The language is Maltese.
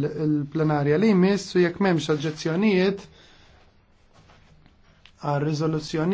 l-plenarja li jmiss u jekk m'hemmx oġġezzjonijiet għal rizoluzzjoni